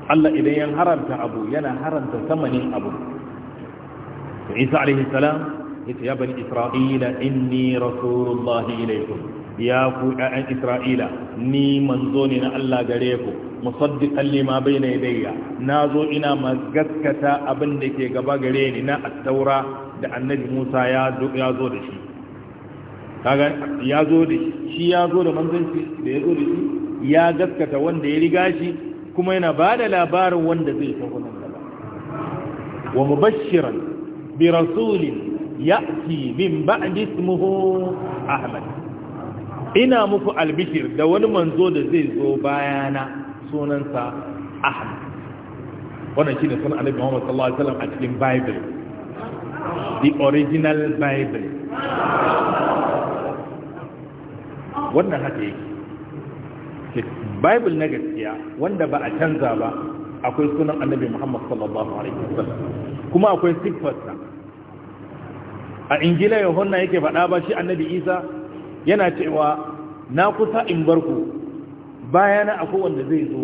Allah idan 'yan haramta abu yana haramta samanin abu Isa alaihi salam ya bani Isra'ila inni rasulullahi ilaykum ya ku 'ya'yan Isra'ila ni manzo ne na Allah gare ku kalli musaddiqan lima bayna yadayya zo ina magaskata abin da ke gaba gare ni na at-taura da annabi Musa ya zo da shi ya zo da shi ya zo da manzanci da ya zo da shi ya gaskata wanda ya riga shi kuma yana ba da labarin wanda zai tafi nan gaba wa mubashiran bi rasulin ya'ti min ba'di ismuhu ahmad ina muku albishir da wani manzo da zai zo bayana sunansa ahmad wannan shine sunan annabi Muhammad sallallahu alaihi salam a cikin bible the original bible wannan haka yake bible na gaskiya wanda ba a canza ba akwai sunan annabi muhammad sallallahu alaihi wasallam kuma akwai siffarsa a injila yohanna yake faɗa ba shi annabi isa yana cewa na kusa in bar ku bayana akwai wanda zai zo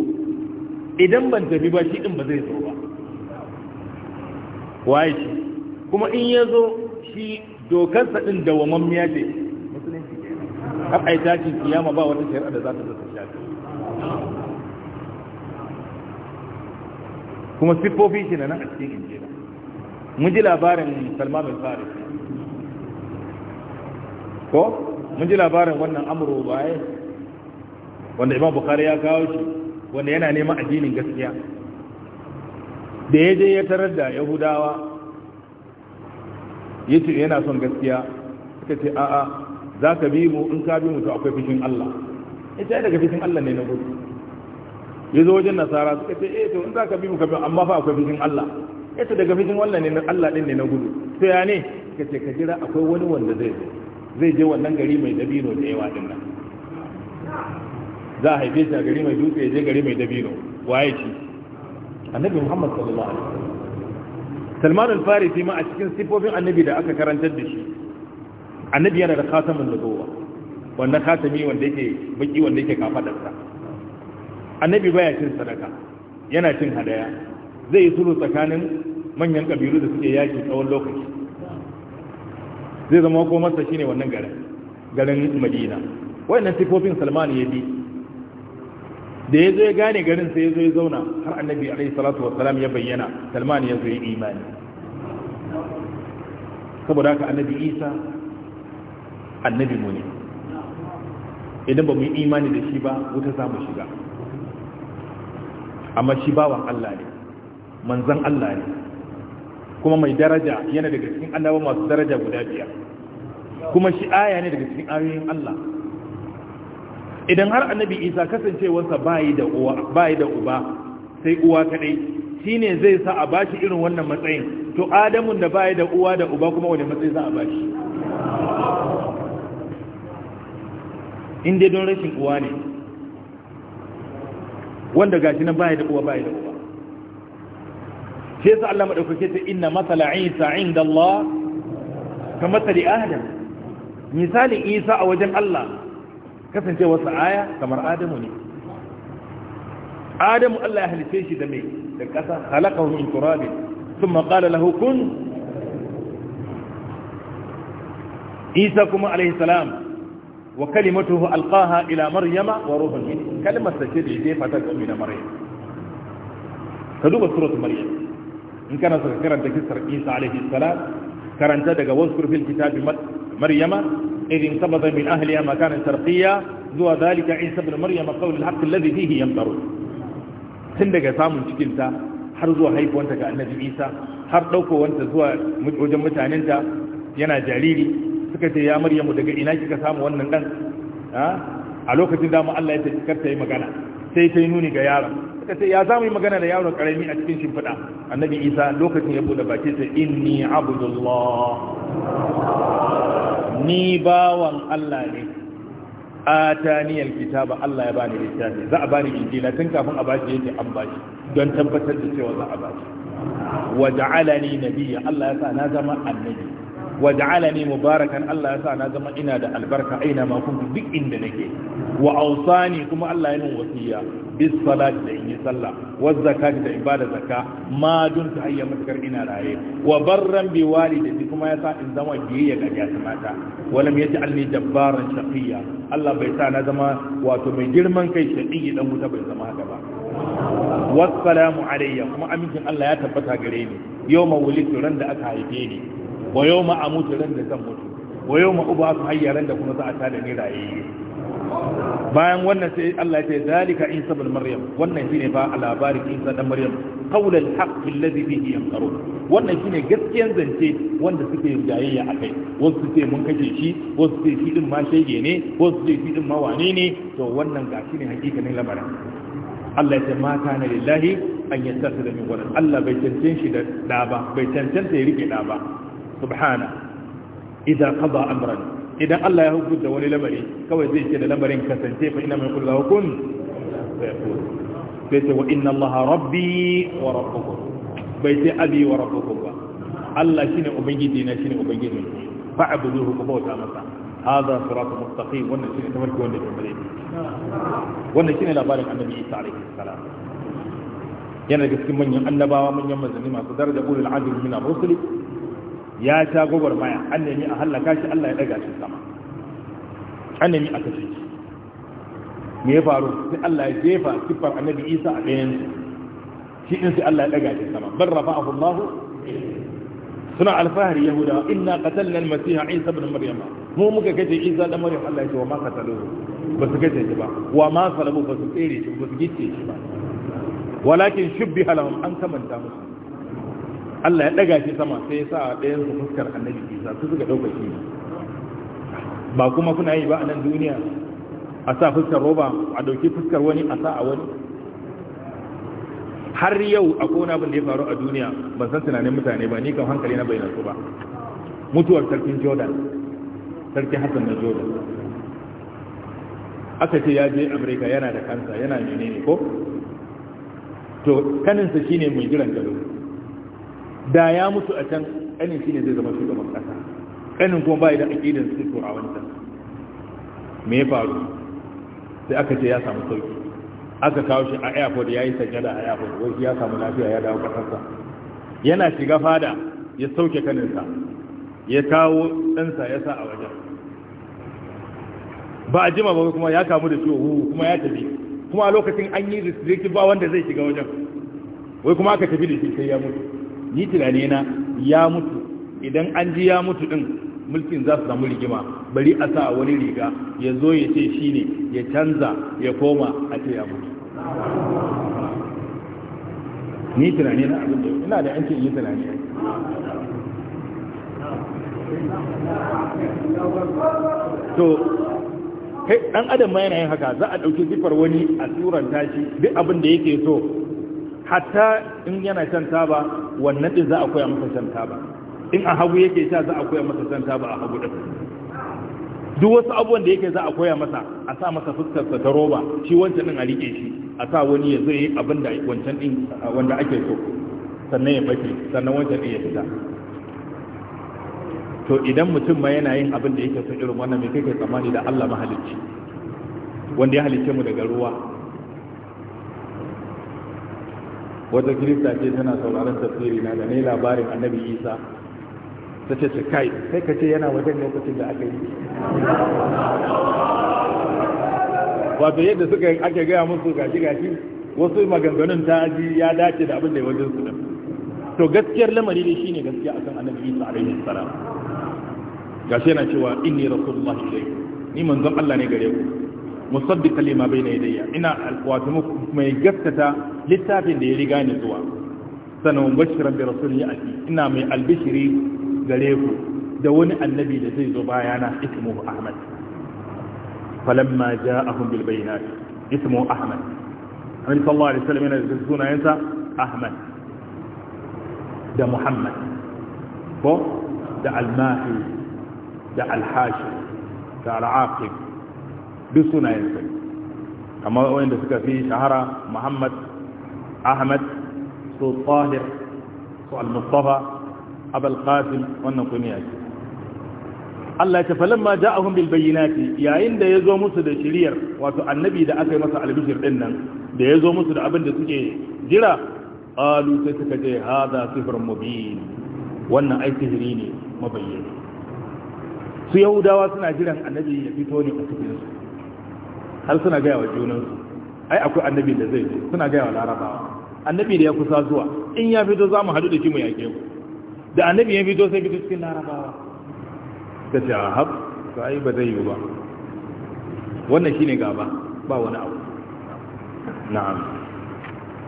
idan ban tafi ba shi din ba zai zo ba waye kuma in ya zo shi dokarsa din dawamammiya ce har a yi tashin kiyama ba wata shari'a da za ta zata shafi kuma siffofi shi na nan a cikin injila mun ji labarin salman bin faris ko mun ji labarin wannan amuru baye wanda imam bukari ya kawo shi wanda yana neman addinin gaskiya da ya je ya tarar da yahudawa ya ce yana son gaskiya suka ce a'a za ka bi mu in ka bi mu to akwai fushin Allah eh, ita daga fishin Allah ne na gudu ya zo wajen nasara suka ce eh to in za ka bi mu ka bi amma fa akwai fushin Allah ita daga fushin wannan ne na Allah din ne na gudu to ya ne ka ce ka jira akwai wani wanda zai zo zai je wannan gari mai dabino da yawa din nan za a haife shi a gari mai dutse ya je gari mai dabino waye shi annabi Muhammad sallallahu alaihi wasallam Salman al-Farisi ma a cikin sifofin annabi da aka karantar da shi annabi yana da khatamun nubuwa wannan khatami wanda yake baki wanda yake kafadarsa annabi baya cin sadaka yana cin hadaya zai yi sulhu tsakanin manyan kabilu da suke yaki tsawon lokaci zai zama ko masa shine wannan garin garin Madina wannan sifofin Salman ya bi da ya zo ya gane garin sai ya zo ya zauna har annabi alaihi salatu wassalam ya bayyana Salman ya zo ya imani saboda haka annabi Isa annabi mu ne idan ba mu yi imani da shi ba wuta za mu shiga amma shi bawan Allah ne manzan Allah ne kuma mai daraja yana daga cikin annaba masu daraja guda biyar kuma shi aya ne daga cikin ayoyin Allah idan har annabi isa kasancewarsa bayi da uwa da uba sai uwa kadai shine zai sa a bashi irin wannan matsayin to adamun da bayi da uwa da uba kuma wani matsayi za a bashi in don rashin uwa ne wanda gashi nan baya da uwa baya da uwa sai sa Allah madaukake ta inna masala Isa inda Allah ka masali Adam misali Isa a wajen Allah kasance wasu aya kamar Adamu ne Adamu Allah ya halice shi da mai da kasa halakahu min turabin thumma qala lahu kun Isa kuma alaihi salam wa kalimatuhu alqaha ila maryama wa ruhun min kalmar sa ce da jefa ta ummi da maryam ka duba suratul maryam in kana so ka karanta kisar Isa alaihi salam karanta daga waskur fil kitabi maryama idin sabada min ahliha makanan tarqiya zuwa dalika Isa ibn maryama qawl al-haqq alladhi fihi yamtaru tun daga samun cikin ta har zuwa haifuwanta ga annabi Isa har daukowanta zuwa mutanen ta yana jariri suka ce ya maryamu daga ina kika samu wannan dan a lokacin da mu Allah ya ce kar ta yi magana sai ta yi nuni ga yaron suka ce ya za mu yi magana da yaron karami a cikin shimfiɗa annabi isa lokacin ya bude baki sai inni abdullah ni bawan Allah ne ataniyal alkitaba, Allah ya bani littafi za a bani injila tun kafin a bashi yake an bashi don tabbatar da cewa za a bashi waja'alani nabiyya Allah ya sa na zama annabi waj'alani mubarakan Allah ya sa na zama ina da albarka aina ma kuntu duk inda nake wa awsani kuma Allah ya min wasiya bis salati da in yi sallah wa zakati da ibada zakka ma dun ta ayya matakar ina raye wa barran bi walidati kuma ya sa in zama biyayya ga yata mata walam yaj'alni jabbaran shaqiya Allah bai sa na zama wato mai girman kai shaqiyi dan wuta bai zama haka ba wassalamu alayya kuma amincin Allah ya tabbata gare ni yau mawulitu ran da aka haife ni wa yau ma a mutu ran da zan mutu wa yau ma uba su hayya ran da kuma za a tada ni rayayye bayan wannan sai Allah ya ce zalika isa bin maryam wannan shine fa a labarin isa dan maryam qaulul haqq alladhi bihi yanqaru wannan shine gaskiyan zance wanda suke jayayya akai wasu su ce mun kace shi wasu su ce shi din ma shege ne wasu su ce shi din ma wane ne to wannan ga shine hakikanin labarin Allah ya ce ma kana lillahi an yattakhidha min walad Allah bai cancanci da da ba bai cancanta ya rike da ba subhana idan qada amran idan Allah ya hukunta wani lamari kawai zai ce da lamarin kasance fa inna min kulli hukun fa yaqul sai ce wa ina Allah rabbi wa rabbukum bai ce abi wa rabbukum ba Allah shine ubangiji na shine ubangiji fa'buduhu ku bauta masa هذا صراط مستقيم وانا شيء تمرك وانا جمالين وانا شيء لبارك عن النبي عيسى عليه السلام yana da cikin manyan annabawa manyan manzanni masu daraja ulul azmi min ar-rusul ya ta gwagwarmaya an nemi a hallaka shi Allah ya daga shi sama an nemi a kashe shi me ya faru sai Allah ya jefa siffar annabi Isa a ɗayan shi din sai Allah ya daga shi sama bar rafa'ahu Allah suna alfahari yahuda inna qatalna al-masih Isa ibn Maryam mu muka kace Isa da Maryam Allah ya ce wa ma qataluhu ba su kace shi ba wa ma salabu ba su tsere shi ba su gice shi ba walakin shubbiha lahum an kamanta musu Allah ya daga shi sama sai ya sa a ɗayan su fuskar annabi Isa su suka ɗauka shi ba kuma kuna yi ba a nan duniya a sa fuskar roba a ɗauki fuskar wani a sa a wani har yau a kona abin da ya faru a duniya ban san tunanin mutane ba ni kan hankali na bayyana su ba mutuwar sarkin Jordan sarki Hassan na Jordan aka ce ya je Amurka yana da kansa yana menene ko to kaninsa shine mai jiran gado da ya mutu a can ƙanin shi ne zai zama shugaban ƙasa ƙanin kuma ba idan da idan sun wani can me ya faru sai aka ce ya samu sauki aka kawo shi a airport ya yi sajada a airport wai ya samu lafiya ya dawo ƙasarsa yana shiga fada ya sauke kaninsa ya kawo ɗansa ya sa a wajen ba a jima ba kuma ya kamu da ciwo kuma ya tafi kuma a lokacin an yi restrictive ba wanda zai shiga wajen wai kuma aka tafi da shi sai ya mutu ni tunane na ya mutu idan an ji ya mutu din mulkin za su samu rigima bari a sa wani riga ya zo ya ce shi ne ya canza ya koma a ce ya mutu ni tunane na abin da ina da ce yi tunani to kai dan adam ma yana yin haka za a dauki zifar wani a tsuran tashi duk abin da yake so hatta in yana shan taba wannan din za a koya masa shan taba in a hagu yake sha za a koya masa shan taba a hagu din duk wasu abubuwan da yake za a koya masa a sa masa fuskar ta roba shi wancan din a rike shi a sa wani ya zai abin da wancan din wanda ake so sannan ya bace sannan wancan din ya fita to idan mutum ma yana yin abin da yake so irin wannan me kake tsammani da Allah mahalicci wanda ya halicce mu daga ruwa wata kirista ce tana sauraron tafsiri na da ne labarin annabi isa ta ce kai sai ka ce yana wajen lokacin da aka yi wato yadda suka ake gaya musu gashi gashi wasu maganganun ta ji ya dace da abin da ya wajen su to gaskiyar lamari ne shine gaskiya akan annabi isa alaihi salam gashi yana cewa inni rasulullahi ilaykum ni manzon Allah ne gare ku مصدقا لما بين يدي انا القواتمك ما يغتتا لتابي دي ريغان سنه سنبشر برسول ياتي انا من البشري غريفو ده وني النبي ده زي بيانا اسمه احمد فلما جاءهم بالبينات اسمه احمد النبي صلى الله عليه وسلم ينزلون ينسى احمد ده محمد ده الماحي ده الحاشي ده العاقب duk sunayensa kamar wanda suka fi shahara muhammad ahmad su tahir su al-mustafa abul qasim wannan kuniya ce Allah ya tafalan ma ja'ahum bil bayyinati yayin da zo musu da shiriyar wato annabi da aka yi masa albishir din nan da zo musu da abin da suke jira qalu sai suka ce hadha sihrun mubin wannan ai sihiri ne mabayyani su yahudawa suna jiran annabi ya fito ne a cikinsu. har suna gaya wa junansu ai akwai annabi da zai zo suna gaya wa larabawa annabi da ya kusa zuwa in ya fito za mu haɗu da shi mu yake ku da annabi ya fito sai fito cikin larabawa ta ce a ah, haɓ sai ba zai yi ba wannan shine gaba ba wani abu na'am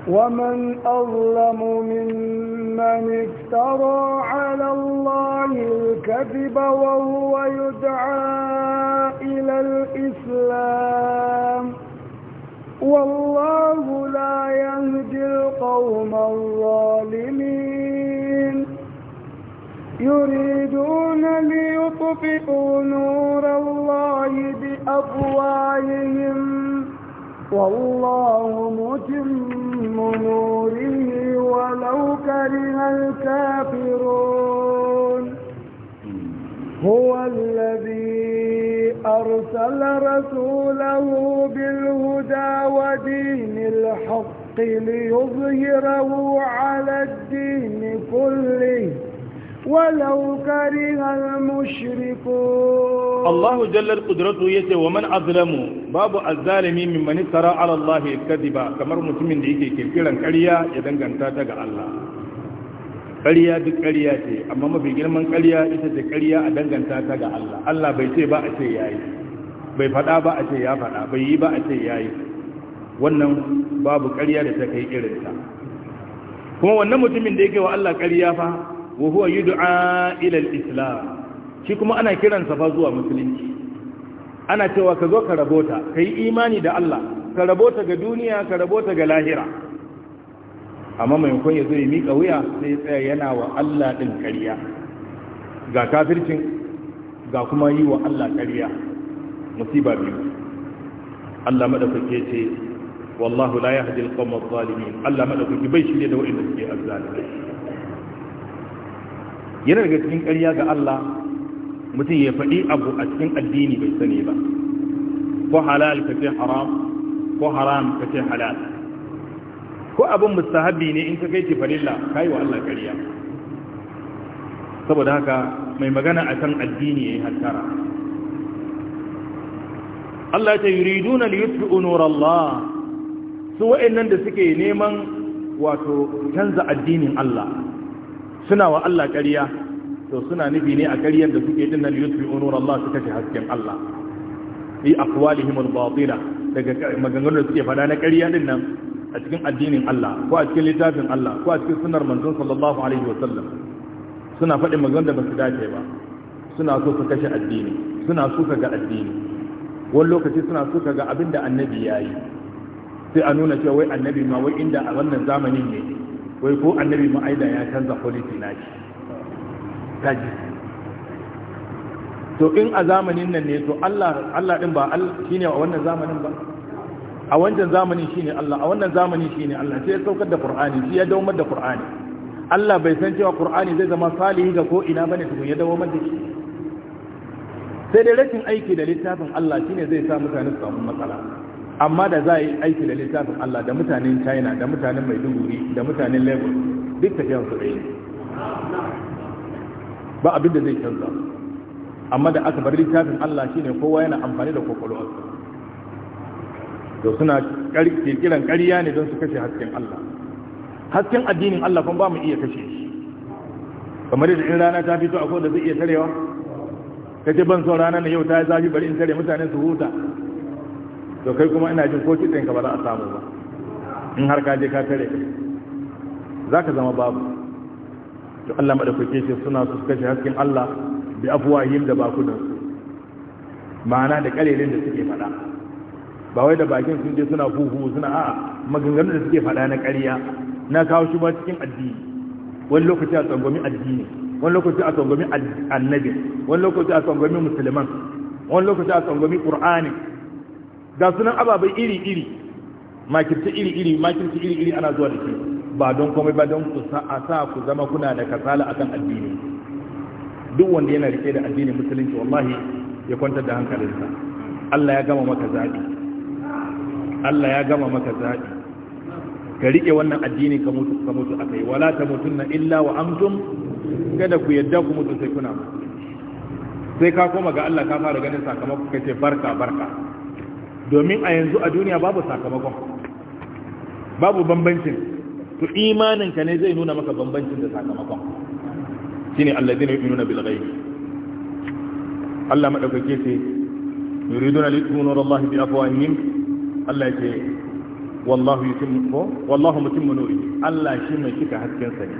ومن أظلم ممن افترى على الله الكذب وهو يدعى إلى الإسلام والله لا يهدي القوم الظالمين يريدون ليطفئوا نور الله بأفواههم والله متم نوره ولو كره الكافرون هو الذي أرسل رسوله بالهدى ودين الحق ليظهره على الدين كله ولو كره المشركون الله جل قدرته يتي ومن أظلم باب الظالم ممن افترى على الله الكذب كما متمن دي يكي كيران كريا يدنغان تاتا ga Allah kariya duk kariya ce amma mafi girman kariya ita ce kariya a danganta ta ga Allah Allah bai ce bai faɗa ba a ce ya faɗa bai yi ba a ce yi. wannan babu ƙarya da ta kai irinta kuma wannan mutumin da yake wa Allah ƙarya fa wa huwa yud'a ila al-islam shi kuma ana kiransa fa zuwa musulunci ana cewa ka zo ka rabota kai imani da Allah ka rabota ga duniya ka rabota ga lahira amma maimakon ya zo ya miƙa wuya sai ya tsaya yana wa Allah ɗin kariya ga kafircin ga kuma yi wa Allah ƙarya musiba biyu Allah madaukake ce wallahu la yahdi al-qawma adh-dhalimin Allah madaukake bai shirye da wa'inda suke azzalimi yana daga cikin ƙarya ga Allah mutum ya faɗi abu a cikin addini bai sani ba ko halal ka ce haram ko haram ka ce halal ko abin mustahabi ne in ka kai ce farilla wa Allah ƙarya saboda haka mai magana a kan addini ya yi hattara Allah ta yuriduna li yutfi'u nurallah su wa'annan da suke neman wato canza addinin Allah suna wa Allah ƙarya to suna nufi ne a ƙaryar da suke din nan yusfi unur Allah suka ce hasken Allah fi aqwalihim al-batila daga maganganun da suke faɗa na ƙarya din nan a cikin addinin Allah ko a cikin littafin Allah ko a cikin sunnar manzon sallallahu alaihi wasallam suna faɗin maganganun da ba su dace ba suna so su kashe addini suna so ka ga addini wani lokaci suna so ka ga abinda annabi ya yi sai a nuna cewa wai annabi ma wai inda a wannan zamanin ne wai ko annabi ma'aida ya canza policy na shi taji to in a zamanin nan ne to Allah Allah din ba shine a wannan zamanin ba a wancan zamanin shine Allah a wannan zamanin shine Allah sai ya saukar da Qur'ani sai ya daumar da Qur'ani Allah bai san cewa Qur'ani zai zama salihi ga ko ina bane tukun ya dawo da shi sai dai rashin aiki da littafin Allah shine zai sa mutane su samu matsala amma da za a yi aiki da littafin Allah da mutanen China da mutanen Maiduguri da mutanen Lagos duk tafiyan su ɗaya ba abin da zai canza amma da aka bar littafin Allah shine kowa yana amfani da kokolwarsa to suna kiran ƙarya ne don su kashe hasken Allah hasken addinin Allah kuma ba mu iya kashe shi kamar da in rana ta fito akwai da zai iya tarewa kace ban son rana ne yau ta zafi bari in tare mutane su huta to kai kuma ina jin ko kitsen ka ba za a samu ba in har ka je ka tare za ka zama babu to Allah ke ce suna su kashe hasken Allah bi afwahim da bakunan su ma'ana da kalelin da suke faɗa ba wai da bakin sun je suna huhu suna a'a maganganun da suke faɗa na ƙarya na kawo shi ba cikin addini wani lokaci a tsangwamin addini wani lokaci a tsangwamin annabi wani lokaci a tsangwamin musulman wani lokaci a tsangwamin qur'ani ga sunan ababai iri-iri makirci iri-iri makirci iri-iri ana zuwa da ke ba don komai ba don ku a sa ku zama kuna da kasala akan addini duk wanda yana rike da addini musulunci wallahi ya kwantar da hankalinsa Allah ya gama maka zaɓi Allah ya gama maka zaɓi ka rike wannan addini ka mutu ka mutu akai wala ta mutunna illa wa amtum kada ku yadda ku mutu sai kuna sai ka koma ga Allah ka fara ganin sakamako kace barka barka domin a yanzu a duniya babu sakamakon babu bambancin to imaninka ne zai nuna maka bambancin da sakamakon shine alladhina yu'minuna bil ghaib Allah madaukake ce yuriduna litunu rallahi bi afwahihim Allah ce wallahu yutimmu wallahu mutimmu nuri Allah shi mai cika hasken sa ne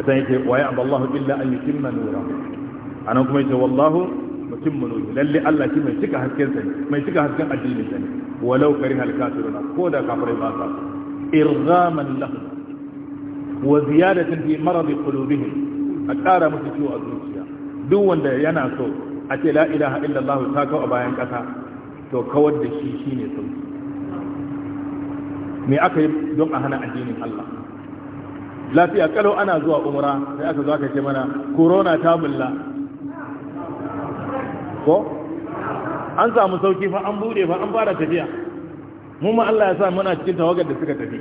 a san yake wa Allah illa an yutimma nura anan kuma yake wallahu mutum manoji lalle Allah shi mai cika hasken sa mai cika hasken addinin sa ne walau karihal kafiruna ko da kafirai ba sa irzaman lahu wa ziyadatan fi marad qulubihim a ƙara musu ciwo a zuciya duk wanda yana so a ce la ilaha illallah ta kawo a bayan kasa to kawar da shi shine sauki me aka yi don a hana addinin Allah lafiya kalau ana zuwa umra sai aka zo aka ce mana corona ta bulla ko an samu sauki fa an bude fa an fara tafiya mu ma Allah ya sa muna cikin tawagar da suka tafi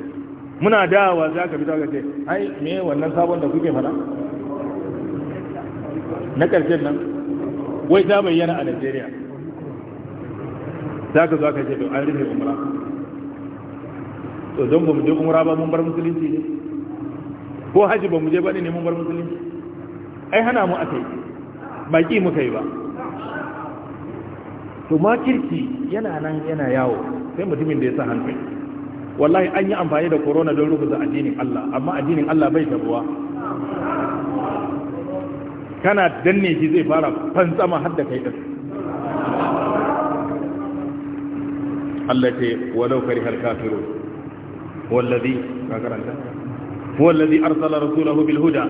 muna dawa za ka bi za ka ce ai me wannan sabon da kuke fara na karshen nan wai ta bayyana a Najeriya za ka zo ka ce to an rufe umra to don ba mu je umra ba mun bar musulunci ne ko haji ba mu je ba ne mun bar musulunci ai hana mu aka yi baki muka yi ba to makirci yana nan yana yawo sai mutumin da ya sa hankali wallahi an yi amfani da corona don rubuta addinin Allah amma addinin Allah bai tabuwa kana danne shi zai fara fantsama har da kai din Allah ce walau kari har kafiru wallazi ka karanta wallazi arsala rasulahu bil huda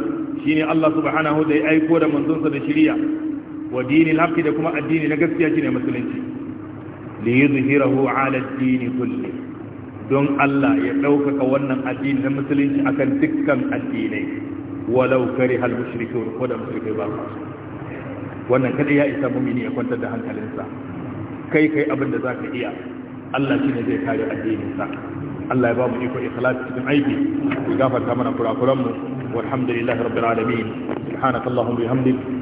shine Allah subhanahu da ya aiko da manzonsa da shiriya wa dinil haqqi da kuma addini na gaskiya shine musulunci li yuzhirahu ala ad-din kulle don Allah ya ɗaukaka wannan addini na musulunci akan dukkan addinai walau kariha al-mushrikun ko da mushrikai ba wannan kada ya isa mumini ya kwantar da hankalinsa kai kai abin da zaka iya Allah shine zai kare addinin sa Allah ya ba mu iko ikhlas cikin aiki ya gafarta mana kurakuran mu walhamdulillahi rabbil alamin subhanakallahumma bihamdika